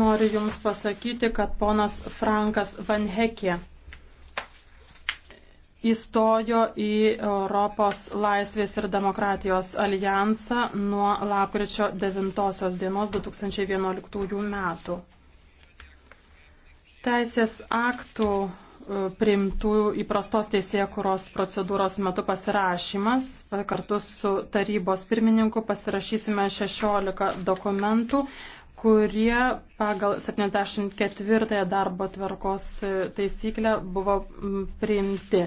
Noriu Jums pasakyti, kad ponas Frankas Van Hekė įstojo į Europos laisvės ir demokratijos alijansą nuo lapkričio 9 dienos 2011 metų. Teisės aktų e, priimtų įprastos teisėkuros procedūros metu pasirašymas. Kartu su tarybos pirmininku pasirašysime 16 dokumentų, kurie pagal 74 darbo tvarkos taisyklę buvo priimti.